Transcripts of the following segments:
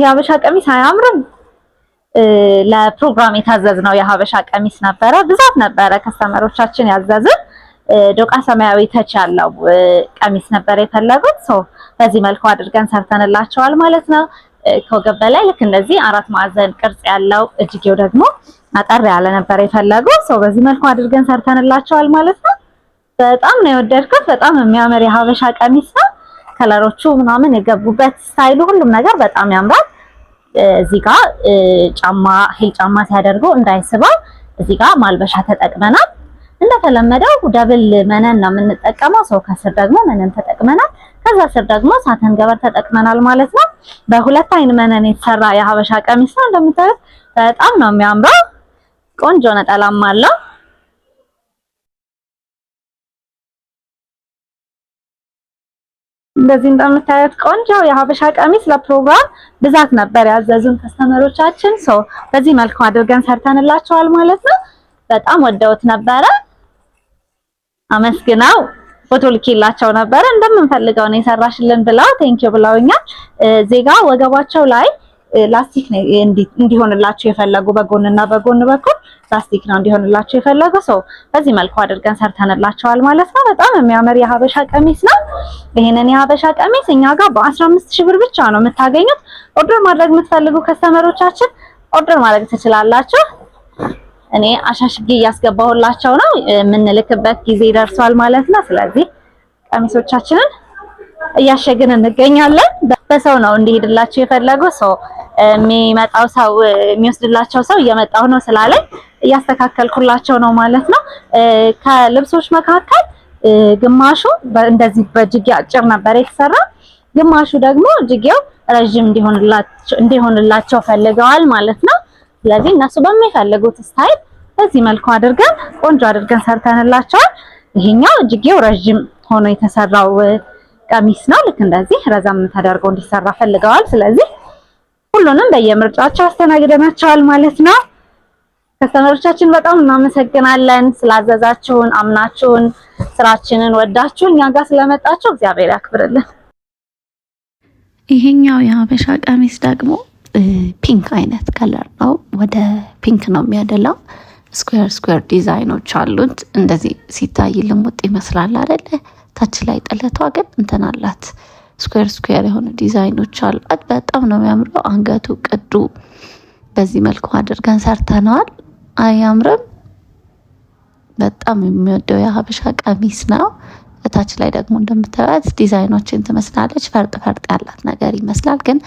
የሀበሻ ቀሚስ አያምርም? ለፕሮግራም የታዘዝ ነው የሀበሻ ቀሚስ ነበረ። ብዛት ነበረ ከስተመሮቻችን ያዘዝን። ዶቃ ሰማያዊ ተች ያለው ቀሚስ ነበረ የፈለጉት። ሶ በዚህ መልኩ አድርገን ሰርተንላቸዋል ማለት ነው። ከወገብ በላይ ልክ እንደዚህ አራት ማዕዘን ቅርጽ ያለው እጅጌው ደግሞ አጠር ያለ ነበር የፈለጉ። ሶ በዚህ መልኩ አድርገን ሰርተንላቸዋል ማለት ነው። በጣም ነው የወደድኩት። በጣም የሚያምር የሀበሻ ቀሚስ ነው። ከለሮቹ ምናምን የገቡበት ስታይሉ ሁሉም ነገር በጣም ያምራል። እዚህ ጋር ጫማ ሂል ጫማ ሲያደርገው እንዳይስበው እዚህ ጋር ማልበሻ ተጠቅመናል። እንደተለመደው ደብል መነን ነው የምንጠቀመው። ሰው ከስር ደግሞ መነን ተጠቅመናል። ከዛ ስር ደግሞ ሳተን ገበር ተጠቅመናል ማለት ነው። በሁለት አይን መነን የተሰራ የሀበሻ ቀሚስ ነው። እንደምታዩት በጣም ነው የሚያምረው። ቆንጆ ነጠላም አለው። እንደዚህ እንደምታዩት ቆንጆ የሀበሻ ቀሚስ ለፕሮግራም ብዛት ነበር ያዘዙን ከስተመሮቻችን። ሰው በዚህ መልኩ አድርገን ሰርተንላቸዋል ማለት ነው። በጣም ወደውት ነበረ። አመስግናው ፎቶ ልኬላቸው ነበረ እንደምንፈልገው ነው የሰራሽልን ብለው ቴንክዩ ብለውኛል። ዜጋ ወገባቸው ላይ ላስቲክ እንዲሆንላቸው የፈለጉ በጎንና በጎን በኩል ላስቲክ ነው እንዲሆንላቸው የፈለጉ ሰው በዚህ መልኩ አድርገን ሰርተንላቸዋል ማለት ነው። በጣም የሚያምር የሀበሻ ቀሚስ ነው። ይሄንን የሀበሻ ቀሚስ እኛ ጋር በ15000 ብር ብቻ ነው የምታገኙት። ኦርደር ማድረግ የምትፈልጉ ከስተመሮቻችን ኦርደር ማድረግ ትችላላችሁ። እኔ አሻሽጌ እያስገባሁላቸው ነው። የምንልክበት ጊዜ ደርሷል ማለት ነው። ስለዚህ ቀሚሶቻችንን እያሸግን እንገኛለን። በሰው ነው እንዲሄድላቸው የፈለጉ ሰው የሚመጣው ሰው የሚወስድላቸው ሰው እየመጣው ነው ስላለኝ እያስተካከልኩላቸው ነው ማለት ነው። ከልብሶች መካከል ግማሹ እንደዚህ በእጅጌ አጭር ነበር የተሰራ፣ ግማሹ ደግሞ እጅጌው ረዥም እንዲሆንላቸው ፈልገዋል ማለት ነው። ስለዚህ እነሱ በሚፈልጉት ስታይል በዚህ መልኩ አድርገን ቆንጆ አድርገን ሰርተንላቸዋል። ይሄኛው እጅጌው ረዥም ሆኖ የተሰራው ቀሚስ ነው። ልክ እንደዚህ ረዘም ተደርጎ እንዲሰራ ፈልገዋል። ስለዚህ ሁሉንም በየምርጫቸው አስተናግደናቸዋል ማለት ነው። ከስተመሮቻችን በጣም እናመሰግናለን ስላዘዛችሁን፣ አምናችሁን፣ ስራችንን ወዳችሁ እኛ ጋር ስለመጣችሁ እግዚአብሔር ያክብርልን። ይሄኛው የሀበሻ ቀሚስ ደግሞ ፒንክ አይነት ከለር ነው። ወደ ፒንክ ነው የሚያደላው። ስኩዌር ስኩዌር ዲዛይኖች አሉት። እንደዚህ ሲታይ ልሙጥ ይመስላል አደለ? ታች ላይ ጥለቷ ግን እንትን አላት ስኩዌር ስኩዌር የሆኑ ዲዛይኖች አሏት። በጣም ነው የሚያምረው። አንገቱ ቅዱ በዚህ መልኩ አድርገን ሰርተነዋል። አያምርም? በጣም የሚወደው የሀበሻ ቀሚስ ነው። እታች ላይ ደግሞ እንደምታዩት ዲዛይኖችን ትመስላለች። ፈርጥ ፈርጥ ያላት ነገር ይመስላል፣ ግን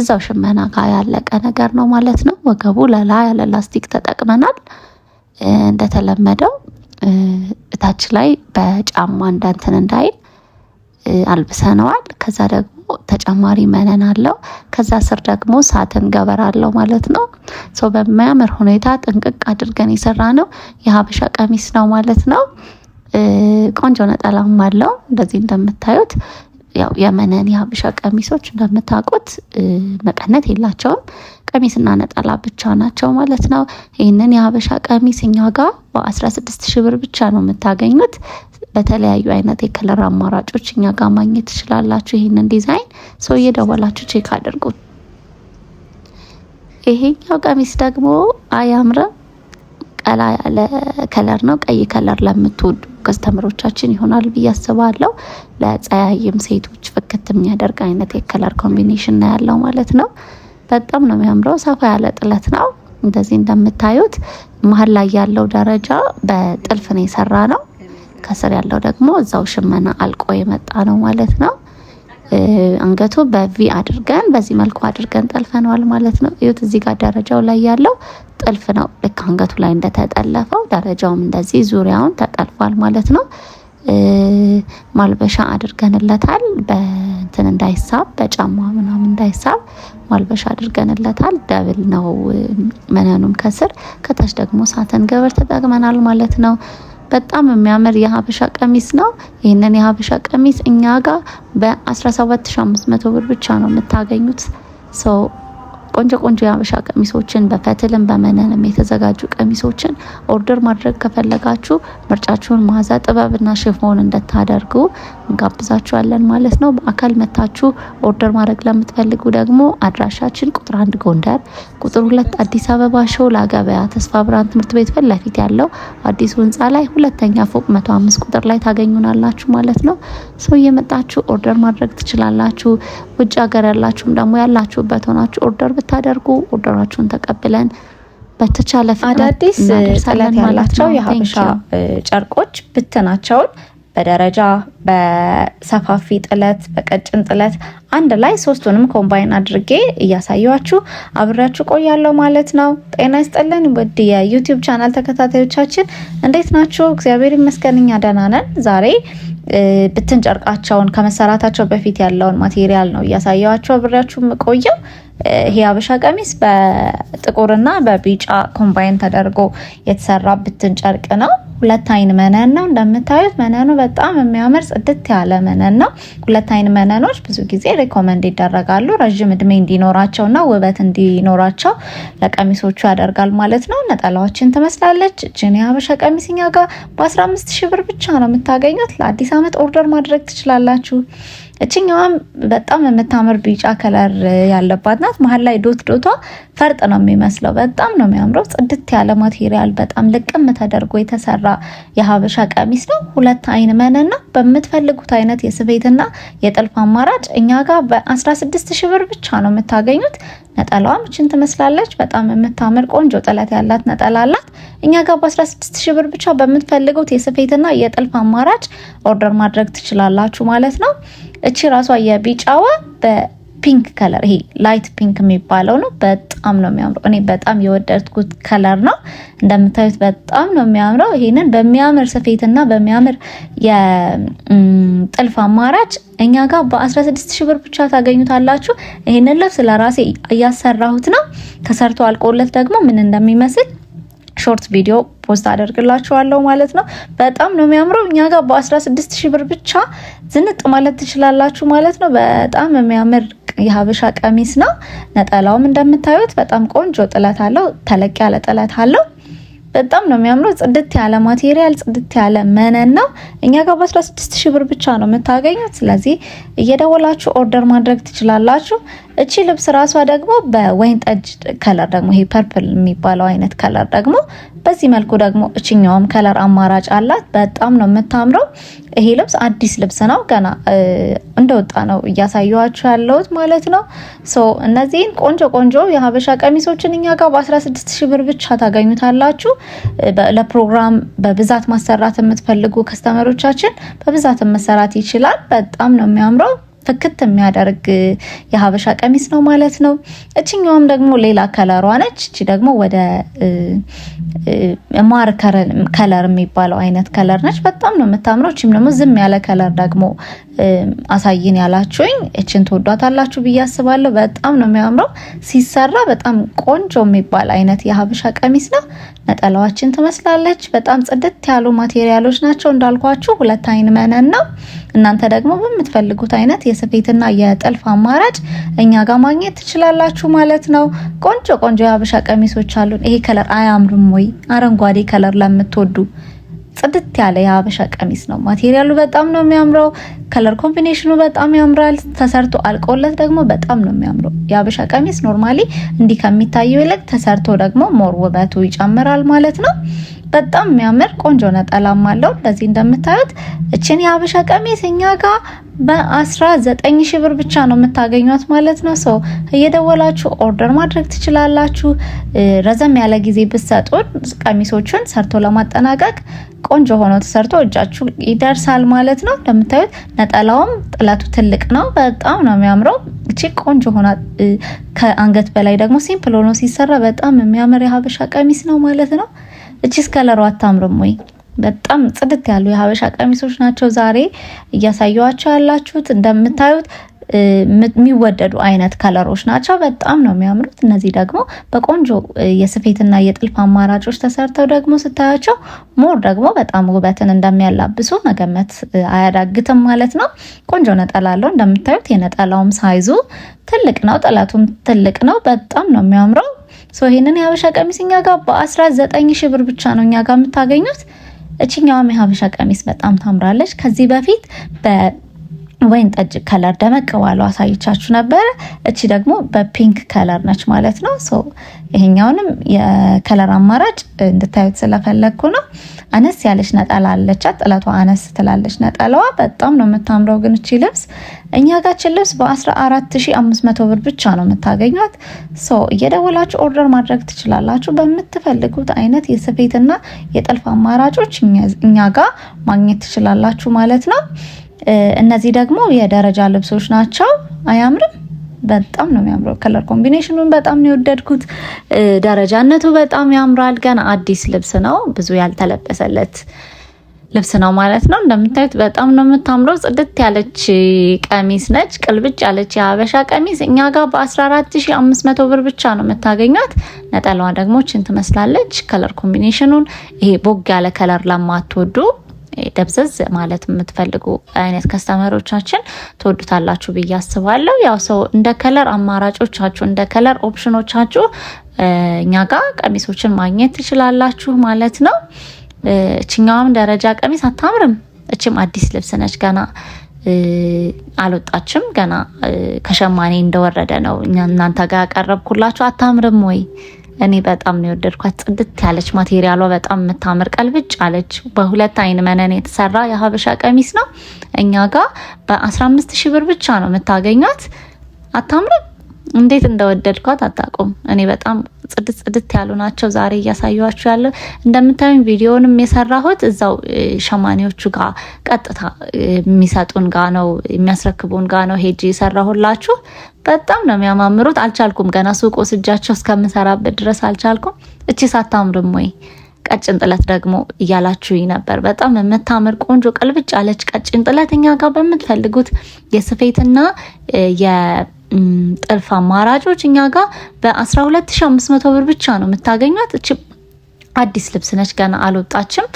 እዛው ሽመና ጋር ያለቀ ነገር ነው ማለት ነው። ወገቡ ለላ ያለ ላስቲክ ተጠቅመናል። እንደተለመደው እታች ላይ በጫማ እንዳንትን እንዳይል አልብሰነዋል። ከዛ ደግሞ ተጨማሪ መነን አለው። ከዛ ስር ደግሞ ሳትን ገበር አለው ማለት ነው። ሰው በሚያምር ሁኔታ ጥንቅቅ አድርገን የሰራ ነው የሀበሻ ቀሚስ ነው ማለት ነው። ቆንጆ ነጠላም አለው እንደዚህ እንደምታዩት ያው የመነን የሀበሻ ቀሚሶች እንደምታውቁት መቀነት የላቸውም። ቀሚስና ነጠላ ብቻ ናቸው ማለት ነው። ይህንን የሀበሻ ቀሚስ እኛ ጋር በ ስድስት ሺህ ብር ብቻ ነው የምታገኙት። በተለያዩ አይነት የከለር አማራጮች እኛ ጋር ማግኘት ትችላላችሁ። ይህንን ዲዛይን ሰው እየደወላችሁ ቼክ አድርጉት። ይሄኛው ቀሚስ ደግሞ አያምርም? ቀላ ያለ ከለር ነው። ቀይ ከለር ለምትወዱ ከስተምሮቻችን ይሆናል ብዬ አስባለሁ። ሴቶች ፍክት የሚያደርግ አይነት የከለር ኮምቢኔሽን ነው ያለው ማለት ነው። በጣም ነው የሚያምረው። ሰፋ ያለ ጥለት ነው። እንደዚህ እንደምታዩት መሀል ላይ ያለው ደረጃ በጥልፍ ነው የሰራ ነው። ከስር ያለው ደግሞ እዛው ሽመና አልቆ የመጣ ነው ማለት ነው። አንገቱ በቪ አድርገን በዚህ መልኩ አድርገን ጠልፈነዋል ማለት ነው። እዩት እዚህ ጋር ደረጃው ላይ ያለው ጥልፍ ነው። ልክ አንገቱ ላይ እንደተጠለፈው ደረጃውም እንደዚህ ዙሪያውን ተጠልፏል ማለት ነው። ማልበሻ አድርገንለታል። በእንትን እንዳይሳብ በጫማ ምናምን እንዳይሳብ ማልበሻ አድርገንለታል። ደብል ነው መነኑም ከስር ከታች ደግሞ ሳተን ገበር ተጠቅመናል ማለት ነው። በጣም የሚያምር የሀበሻ ቀሚስ ነው። ይህንን የሀበሻ ቀሚስ እኛ ጋር በ17500 ብር ብቻ ነው የምታገኙት ሰው ቆንጆ ቆንጆ የሀበሻ ቀሚሶችን በፈትልም በመነንም የተዘጋጁ ቀሚሶችን ኦርደር ማድረግ ከፈለጋችሁ ምርጫችሁን ማዛ ጥበብና ሽፎን እንድታደርጉ እንጋብዛችኋለን ማለት ነው። በአካል መታችሁ ኦርደር ማድረግ ለምትፈልጉ ደግሞ አድራሻችን ቁጥር አንድ ጎንደር፣ ቁጥር ሁለት አዲስ አበባ ሾላ ገበያ ተስፋ ብርሃን ትምህርት ቤት ፊት ለፊት ያለው አዲሱ ህንፃ ላይ ሁለተኛ ፎቅ መቶ አምስት ቁጥር ላይ ታገኙናላችሁ ማለት ነው። ሰው እየመጣችሁ ኦርደር ማድረግ ትችላላችሁ። ውጭ ሀገር ያላችሁም ደግሞ ያላችሁበት ሆናችሁ ኦርደር ብታደርጉ ኦርደራችሁን ተቀብለን በተቻለ አዳዲስ ጥለት ያላቸው የሀበሻ ጨርቆች ብትናቸውን በደረጃ በሰፋፊ ጥለት በቀጭን ጥለት አንድ ላይ ሶስቱንም ኮምባይን አድርጌ እያሳየኋችሁ አብሬያችሁ ቆያለሁ ማለት ነው። ጤና ይስጥልን ውድ የዩቲዩብ ቻናል ተከታታዮቻችን እንዴት ናችሁ? እግዚአብሔር ይመስገን እኛ ደህና ነን። ዛሬ ብትን ጨርቃቸውን ከመሰራታቸው በፊት ያለውን ማቴሪያል ነው እያሳየኋችሁ አብሬያችሁ ቆየው ይሄ አበሻ ቀሚስ በጥቁርና በቢጫ ኮምባይን ተደርጎ የተሰራ ብትን ጨርቅ ነው። ሁለት አይን መነን ነው እንደምታዩት። መነኑ በጣም የሚያምር ጽድት ያለ መነን ነው። ሁለት አይን መነኖች ብዙ ጊዜ ሪኮመንድ ይደረጋሉ። ረዥም እድሜ እንዲኖራቸው ና ውበት እንዲኖራቸው ለቀሚሶቹ ያደርጋል ማለት ነው። ነጠላዎችን ትመስላለች። እጅን የሀበሻ ቀሚስ እኛ ጋር በ15 ሺ ብር ብቻ ነው የምታገኙት። ለአዲስ ዓመት ኦርደር ማድረግ ትችላላችሁ። እችኛዋም በጣም የምታምር ቢጫ ከለር ያለባት ናት። መሀል ላይ ዶት ዶቷ ፈርጥ ነው የሚመስለው። በጣም ነው የሚያምረው። ጽድት ያለ ማቴሪያል በጣም ልቅም ተደርጎ የተሰራ የሀበሻ ቀሚስ ነው። ሁለት አይን መነና በምትፈልጉት አይነት የስፌትና የጥልፍ አማራጭ እኛ ጋር በ16 ሺህ ብር ብቻ ነው የምታገኙት። ነጠላዋም እችን ትመስላለች። በጣም የምታምር ቆንጆ ጥለት ያላት ነጠላ አላት። እኛ ጋር በ16 ሺህ ብር ብቻ በምትፈልጉት የስፌትና የጥልፍ አማራጭ ኦርደር ማድረግ ትችላላችሁ ማለት ነው። እቺ ራሷ የቢጫዋ ፒንክ ከለር ይሄ ላይት ፒንክ የሚባለው ነው። በጣም ነው የሚያምረው። እኔ በጣም የወደድኩት ከለር ነው። እንደምታዩት በጣም ነው የሚያምረው። ይሄንን በሚያምር ስፌትና በሚያምር የጥልፍ አማራጭ እኛ ጋር በ ሺህ ብር ብቻ ታገኙታላችሁ። ይሄንን ልብስ ለራሴ እያሰራሁት ነው። ከሰርቶ አልቆለት ደግሞ ምን እንደሚመስል ሾርት ቪዲዮ ፖስት አደርግላችኋለሁ ማለት ነው። በጣም ነው የሚያምረው። እኛ ጋር በ ሺህ ብር ብቻ ዝንጥ ማለት ትችላላችሁ ማለት ነው። በጣም የሚያምር የሀበሻ ቀሚስ ነው። ነጠላውም እንደምታዩት በጣም ቆንጆ ጥለት አለው። ተለቅ ያለ ጥለት አለው። በጣም ነው የሚያምረው። ጽድት ያለ ማቴሪያል፣ ጽድት ያለ መነን ነው። እኛ ጋር በ16 ሺህ ብር ብቻ ነው የምታገኙት። ስለዚህ እየደወላችሁ ኦርደር ማድረግ ትችላላችሁ። እቺ ልብስ ራሷ ደግሞ በወይን ጠጅ ከለር ደግሞ ይሄ ፐርፕል የሚባለው አይነት ከለር ደግሞ በዚህ መልኩ ደግሞ እችኛውም ከለር አማራጭ አላት። በጣም ነው የምታምረው። ይሄ ልብስ አዲስ ልብስ ነው፣ ገና እንደወጣ ነው እያሳየኋችሁ ያለሁት ማለት ነው። ሶ እነዚህን ቆንጆ ቆንጆ የሀበሻ ቀሚሶችን እኛ ጋር በ16 ሺህ ብር ብቻ ታገኙታላችሁ። ለፕሮግራም በብዛት ማሰራት የምትፈልጉ ከስተመሮቻችን በብዛት መሰራት ይችላል። በጣም ነው የሚያምረው። ፍክት የሚያደርግ የሀበሻ ቀሚስ ነው ማለት ነው። እችኛውም ደግሞ ሌላ ከለሯ ነች። እቺ ደግሞ ወደ ማር ከለር የሚባለው አይነት ከለር ነች። በጣም ነው የምታምረው። እችም ደግሞ ዝም ያለ ከለር ደግሞ አሳይን ያላችሁኝ እችን ትወዷታላችሁ ብዬ አስባለሁ። በጣም ነው የሚያምረው ሲሰራ፣ በጣም ቆንጆ የሚባል አይነት የሀበሻ ቀሚስ ነው። ነጠላዋችን ትመስላለች። በጣም ጽድት ያሉ ማቴሪያሎች ናቸው እንዳልኳችሁ። ሁለት አይን መነን ነው እናንተ ደግሞ በምትፈልጉት አይነት የስፌትና የጥልፍ አማራጭ እኛ ጋር ማግኘት ትችላላችሁ ማለት ነው። ቆንጆ ቆንጆ የሀበሻ ቀሚሶች አሉን። ይሄ ከለር አያምርም ወይ? አረንጓዴ ከለር ለምትወዱ ጽድት ያለ የሀበሻ ቀሚስ ነው። ማቴሪያሉ በጣም ነው የሚያምረው። ከለር ኮምቢኔሽኑ በጣም ያምራል። ተሰርቶ አልቆለት ደግሞ በጣም ነው የሚያምረው። የሀበሻ ቀሚስ ኖርማሊ እንዲህ ከሚታየው ይልቅ ተሰርቶ ደግሞ ሞር ውበቱ ይጨምራል ማለት ነው። በጣም የሚያምር ቆንጆ ነጠላም አለው። እንደዚህ እንደምታዩት እችን የሀበሻ ቀሚስ እኛ ጋር በ19 ሺህ ብር ብቻ ነው የምታገኟት ማለት ነው። ሰው እየደወላችሁ ኦርደር ማድረግ ትችላላችሁ። ረዘም ያለ ጊዜ ብትሰጡን ቀሚሶችን ሰርቶ ለማጠናቀቅ ቆንጆ ሆኖ ተሰርቶ እጃችሁ ይደርሳል ማለት ነው። እንደምታዩት ነጠላውም ጥለቱ ትልቅ ነው። በጣም ነው የሚያምረው። እቺ ቆንጆ ሆና ከአንገት በላይ ደግሞ ሲምፕል ሆኖ ሲሰራ በጣም የሚያምር የሀበሻ ቀሚስ ነው ማለት ነው። እቺስ ከለሯ አታምርም ወይ? በጣም ጽድት ያሉ የሀበሻ ቀሚሶች ናቸው ዛሬ እያሳየዋቸው ያላችሁት። እንደምታዩት የሚወደዱ አይነት ከለሮች ናቸው። በጣም ነው የሚያምሩት። እነዚህ ደግሞ በቆንጆ የስፌትና የጥልፍ አማራጮች ተሰርተው ደግሞ ስታያቸው ሞር ደግሞ በጣም ውበትን እንደሚያላብሱ መገመት አያዳግትም ማለት ነው። ቆንጆ ነጠላ አለው እንደምታዩት። የነጠላውም ሳይዙ ትልቅ ነው፣ ጥለቱም ትልቅ ነው። በጣም ነው የሚያምረው። ሶ ይሄንን የሀበሻ ቀሚስ እኛ ጋር በ19 ሺህ ብር ብቻ ነው እኛ ጋር የምታገኙት። እችኛዋም የሀበሻ ቀሚስ በጣም ታምራለች። ከዚህ በፊት ወይን ጠጅ ከለር ደመቅ ባለው አሳይቻችሁ ነበረ። እቺ ደግሞ በፒንክ ከለር ነች ማለት ነው። ይሄኛውንም የከለር አማራጭ እንድታዩት ስለፈለግኩ ነው። አነስ ያለች ነጠላ አለቻት። ጥለቷ አነስ ትላለች ነጠላዋ። በጣም ነው የምታምረው። ግን እቺ ልብስ እኛ ጋችን ልብስ በ14500 ብር ብቻ ነው የምታገኟት። እየደወላችሁ ኦርደር ማድረግ ትችላላችሁ። በምትፈልጉት አይነት የስፌትና የጥልፍ አማራጮች እኛ ጋር ማግኘት ትችላላችሁ ማለት ነው። እነዚህ ደግሞ የደረጃ ልብሶች ናቸው። አያምርም? በጣም ነው የሚያምረው። ከለር ኮምቢኔሽኑን በጣም ነው የወደድኩት። ደረጃነቱ በጣም ያምራል። ገና አዲስ ልብስ ነው፣ ብዙ ያልተለበሰለት ልብስ ነው ማለት ነው። እንደምታዩት በጣም ነው የምታምረው። ጽድት ያለች ቀሚስ ነች፣ ቅልብጭ ያለች የሀበሻ ቀሚስ እኛ ጋር በ14500 ብር ብቻ ነው የምታገኛት። ነጠላዋ ደግሞ ችን ትመስላለች። ከለር ኮምቢኔሽኑን ይሄ ቦግ ያለ ከለር ለማትወዱ ደብዘዝ ማለት የምትፈልጉ አይነት ከስተመሮቻችን ትወዱታላችሁ ብዬ አስባለሁ። ያው ሰው እንደ ከለር አማራጮቻችሁ እንደ ከለር ኦፕሽኖቻችሁ እኛ ጋ ቀሚሶችን ማግኘት ትችላላችሁ ማለት ነው። እችኛዋም ደረጃ ቀሚስ አታምርም። እችም አዲስ ልብስ ነች ገና አልወጣችም ገና ከሸማኔ እንደወረደ ነው እናንተ ጋር ያቀረብኩላችሁ። አታምርም ወይ እኔ በጣም ነው የወደድኳት። ጽድት ያለች ማቴሪያሏ በጣም የምታምር ቀልብጭ አለች። በሁለት አይን መነን የተሰራ የሀበሻ ቀሚስ ነው። እኛ ጋር በ15 ሺ ብር ብቻ ነው የምታገኛት። አታምርም? እንዴት እንደወደድኳት አታውቁም። እኔ በጣም ጽድት ጽድት ያሉ ናቸው። ዛሬ እያሳዩችሁ ያለው እንደምታዩኝ ቪዲዮንም የሰራሁት እዛው ሸማኔዎቹ ጋር ቀጥታ የሚሰጡን ጋ ነው የሚያስረክቡን ጋ ነው ሄጂ የሰራሁላችሁ። በጣም ነው የሚያማምሩት። አልቻልኩም ገና ሱቅ ወስጃቸው እስከምሰራበት ድረስ አልቻልኩም። እቺ ሳታምርም ወይ ቀጭን ጥለት ደግሞ እያላችሁኝ ነበር። በጣም የምታምር ቆንጆ ቀልብጭ ያለች ቀጭን ጥለት እኛ ጋር በምትፈልጉት የስፌትና ጥልፍ አማራጮች እኛ ጋር በ12500 ብር ብቻ ነው የምታገኟት። እች አዲስ ልብስ ነች፣ ገና አልወጣችም።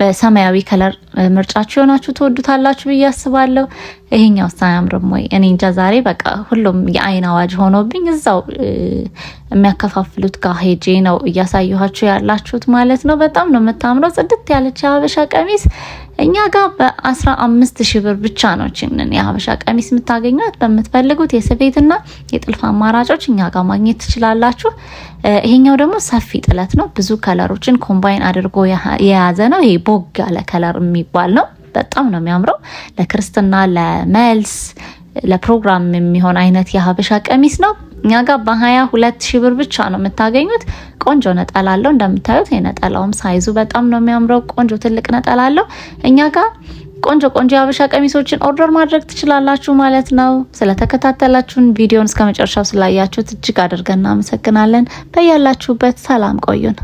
በሰማያዊ ከለር ምርጫችሁ የሆናችሁ ትወዱታላችሁ ብዬ አስባለሁ። ይሄኛው ሳያምርም ወይ? እኔ እንጃ። ዛሬ በቃ ሁሉም የአይን አዋጅ ሆኖብኝ እዛው የሚያከፋፍሉት ጋር ሄጄ ነው እያሳየኋችሁ ያላችሁት ማለት ነው። በጣም ነው የምታምረው። ጽድት ያለች የሀበሻ ቀሚስ እኛ ጋር በ15 ሺህ ብር ብቻ ነው ችንን የሀበሻ ቀሚስ የምታገኙት። በምትፈልጉት የስፌትና የጥልፍ አማራጮች እኛ ጋር ማግኘት ትችላላችሁ። ይሄኛው ደግሞ ሰፊ ጥለት ነው። ብዙ ከለሮችን ኮምባይን አድርጎ የያዘ ነው። ይሄ ቦግ ያለ ከለር የሚባል ነው። በጣም ነው የሚያምረው። ለክርስትና፣ ለመልስ፣ ለፕሮግራም የሚሆን አይነት የሀበሻ ቀሚስ ነው። እኛ ጋር በሀያ ሁለት ሺህ ብር ብቻ ነው የምታገኙት። ቆንጆ ነጠላ አለው እንደምታዩት። የነጠላውም ሳይዙ በጣም ነው የሚያምረው። ቆንጆ ትልቅ ነጠላ አለው። እኛ ጋር ቆንጆ ቆንጆ የሀበሻ ቀሚሶችን ኦርደር ማድረግ ትችላላችሁ ማለት ነው። ስለተከታተላችሁን ቪዲዮን እስከ መጨረሻው ስላያችሁት እጅግ አድርገን እናመሰግናለን። በያላችሁበት ሰላም ቆዩን።